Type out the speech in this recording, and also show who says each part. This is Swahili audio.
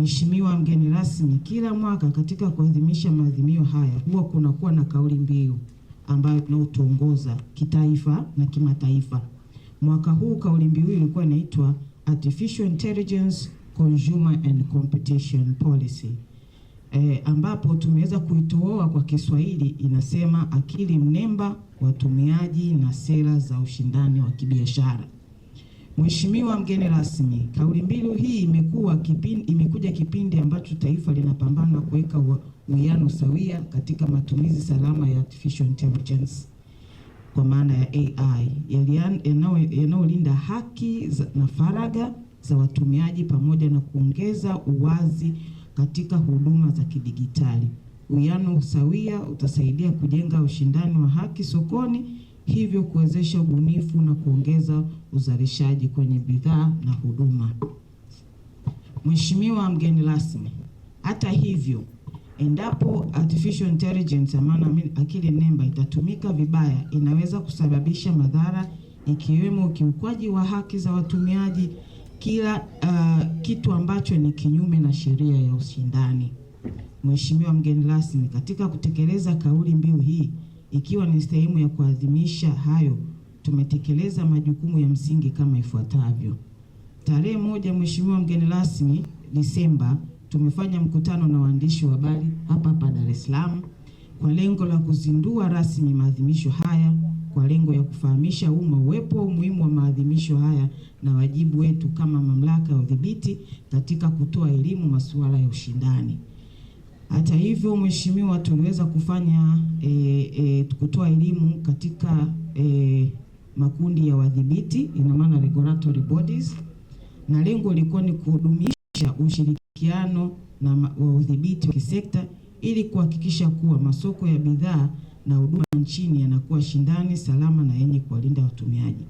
Speaker 1: Mheshimiwa mgeni rasmi, kila mwaka katika kuadhimisha maadhimio haya huwa kunakuwa na kauli mbiu ambayo tunaotuongoza kitaifa na kimataifa. Mwaka huu kauli mbiu ilikuwa inaitwa Artificial Intelligence Consumer and Competition Policy. E, ambapo tumeweza kuitoa kwa Kiswahili inasema akili mnemba, watumiaji na sera za ushindani wa kibiashara. Mheshimiwa mgeni rasmi, kauli mbiu hii imekuwa kipindi, imekuja kipindi ambacho taifa linapambana kuweka uwiano sawia katika matumizi salama ya artificial intelligence kwa maana ya AI yanayolinda haki na faragha za watumiaji pamoja na kuongeza uwazi katika huduma za kidigitali. Uwiano sawia utasaidia kujenga ushindani wa haki sokoni hivyo kuwezesha ubunifu na kuongeza uzalishaji kwenye bidhaa na huduma. Mheshimiwa mgeni rasmi, hata hivyo, endapo artificial intelligence maana akili nemba itatumika vibaya, inaweza kusababisha madhara ikiwemo ukiukwaji wa haki za watumiaji, kila uh, kitu ambacho ni kinyume na sheria ya ushindani. Mheshimiwa mgeni rasmi, katika kutekeleza kauli mbiu hii ikiwa ni sehemu ya kuadhimisha hayo, tumetekeleza majukumu ya msingi kama ifuatavyo. Tarehe moja, Mheshimiwa mgeni rasmi, Disemba, tumefanya mkutano na waandishi wa habari hapa hapa Dar es Salaam kwa lengo la kuzindua rasmi maadhimisho haya kwa lengo ya kufahamisha umma uwepo wa umuhimu wa maadhimisho haya na wajibu wetu kama mamlaka ya udhibiti katika kutoa elimu masuala ya ushindani. Hata hivyo, mheshimiwa, tuliweza kufanya e, e, kutoa elimu katika e, makundi ya wadhibiti, ina maana regulatory bodies, na lengo lilikuwa ni kudumisha ushirikiano na wa udhibiti wa kisekta ili kuhakikisha kuwa masoko ya bidhaa na huduma nchini yanakuwa shindani, salama na yenye kuwalinda watumiaji.